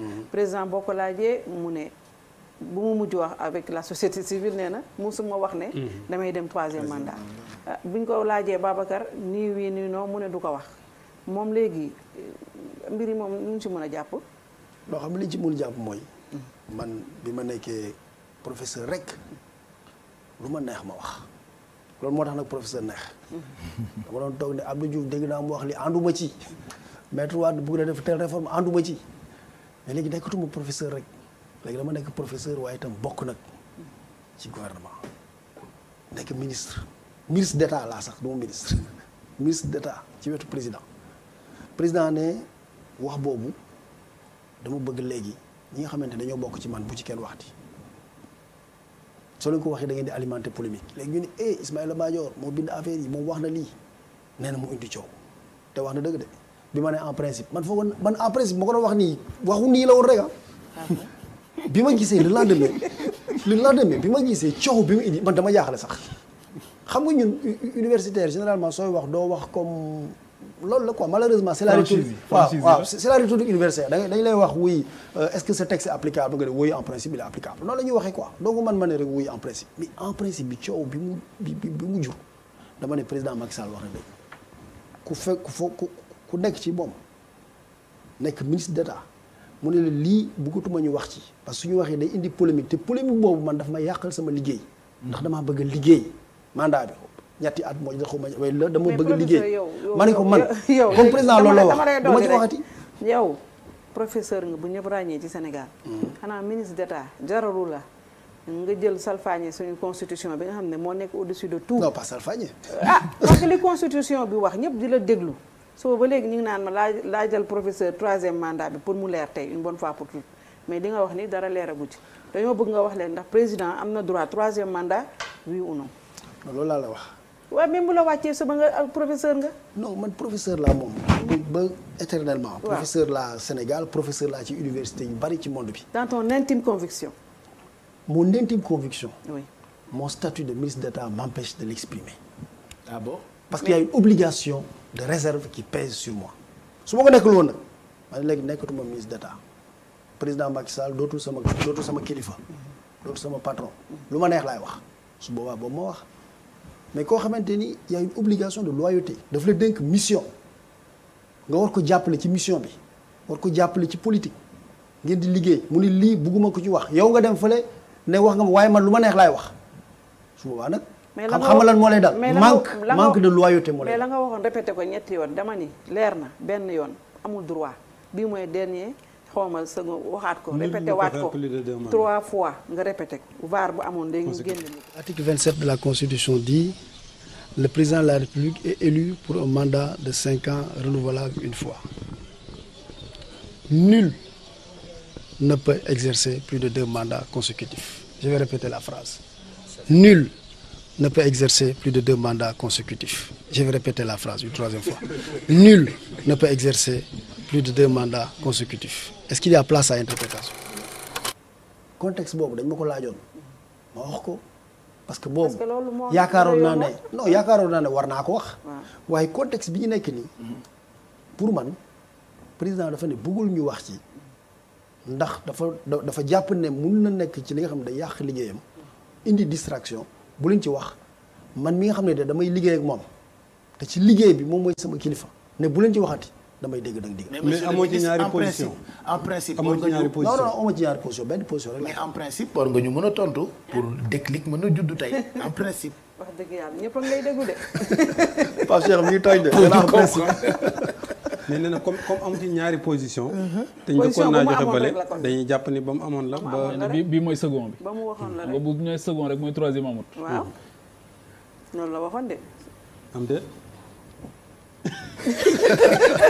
Mhm. président boo ko laajee mu ne bu mu mujj wax avec la société civile nee na musuma wax ne. Mhm. damay dem troisième mandat. Ah, buñ ko laajee Babacar nii wii nii non mu ne du ko wax moom léegi eh, mbir yi moom nu mu ci mën a jàpp. loo xam li ci mun jàpp mooy. Mhm. man bi ma nekkee professeur rek lu ma neex ma wax. loolu moo tax nag professeur neex dama doon toog ne Abdou Diouf dégg naa mu wax li ànduma ci maître Wade bëgg na def telle réforme ànduma ci. mais léegi nekkatuma professeur rek léegi dama nekk professeur waaye itam bokk nag ci gouvernement nekk ministre ministre d'état laa sax du ma ministre ministre d'état ci wetu président président ne wax boobu dama bëgg léegi ñi nga xamante dañoo bokk ci man bu ci kenn waxti soo leen ko waxee da ngeen di alimenter polémique léegi ñu ne eh Ismaïla Madior moo bind affaire yi moo wax na lii nee na mu indi coow te wax na dëgg de bi ma ne en principe man foogoon man en principe ma ko doon la woon rek bi ah. ma bi ma gisee coow bi mu indi man dama jaaxle sax xam nga ñun universitaire généralement sooy wax doo wax comme loolu la quoi malheureusement c'est la rhétorique waaw waaw c'est universitaire da lay wax oui euh, est-ce que ce texte applicable nga ne oui en principe il est waxee quoi donc man ma ne rek principe mais en principe bi coow bi mu bi jur dama ne président Macky Sall wax na ku nekk ci moom nekk ministre d'État mu ne la lii bëggatuma ñu wax ci parce que suñu waxee day indi polémique te polémique boobu man daf ma yàqal sama liggéey ndax damaa bëgg liggéey mandat bi at moo xaw ma way la dama bëgg liggéey ma ne ko man comme président loolu la wax dama ci waxati yow professeur nga bu ñëpp ràññee ci Sénégal hmm. xanaa ministre d'État jaralu la nga jël salfaañe suñu constitution bi nga xam ne moo nekk au-dessus de tout non pas salfaañe ah parce que li constitution bi wax ñëpp di la déglu soo ba léegi ñu ngi naan ma laa laajal professeur troisième mandat bi pour mu leer tey une bonne fois pour toutes mais li nga wax ni dara leeragu ci dañoo bëgg nga wax leen ndax président am na droit troisième mandat oui ou non. loolu laa la wax. waaw même bu la wàccee suba nga ak professeur nga. non man professeur laa moom. Mm-hmm. ba éternellement. professeur laa Sénégal professeur laa ci université yu bari ci monde bi. dans ton intime conviction. mon intime conviction. oui mon statut de ministre d'État m'empêche de l'exprimer. ah bon. parce que y obligation de réserve qui pèse sur moi su ma ko nekk loolu nag man léegi nekkatuma ministre d'état président Macky Sall dootul sama dootul sama kilifa dootul sama patron lu ma neex laay wax su boobaa boobu ma wax mais koo xamante ni y obligation de loyauté dafa la dénk mission nga war ko jàppale ci mission bi war ko jàppale ci politique ngeen di liggéey mu ne lii bugguma ko ci wax yow nga dem fële ne wax nga ma waaye man lu ma neex laay wax su boobaa nag xam xam lan moo lay dal manque manque de mais la nga waxoon répété ko ñetti yoon dama leer na benn yoon amul droit bii mooy dernier xawma sa waxaat ko répété waat ko trois fois nga répété ko vaar bu amoon léegi ñu génn article 27 de la constitution dit le président de la république est élu pour un mandat de cinq ans renouvelable une fois nul ne peut exercer plus de deux mandats consécutifs je vais répéter la phrase ne peut exercer plus de deux mandats consécutifs. Je vais répéter la phrase une troisième fois. Nul ne peut exercer plus de deux mandats consécutifs. Est-ce qu'il y a place à interprétation contexte boobu dañ ma ko laajoon ma wax ko que boobu yaakaaroon naa ne non yaakaaroon naa ne war naa ko wax waaye contexte bi ñu nekk nii mhm. pour man président dafa ne bëggul ñu wax ci ndax dafa dafa jàpp ne mun na nekk ci li nga xam ne day yàq liggéeyam indi distraction bu leen ci wax man mi nga xam ne de damay liggéey ak moom te ci liggéey bi moom mooy sama kilifa ne bu leen ci waxati damay dégg dag dégg. nag amoo ci ñaari position en principe amoo ci ñaari position non non amoo ci ñaari position benn position rek. mais en principe war nga ñu mën a tontu pour déclic mën a judd tey en principe. wax yàlla ñëpp a ngi lay déglu de. Pape de. en principe. mais ne na comme comme amu ci ñaari position. Mhm. te njëkkoon naa joxe bële dañuy jàpp ni ba mu amoon la. ba bi mooy second bi. ba mu waxoon la rek bu ñooy second rek mooy troisième amut. waaw hmm. noonu la waxoon de. am de.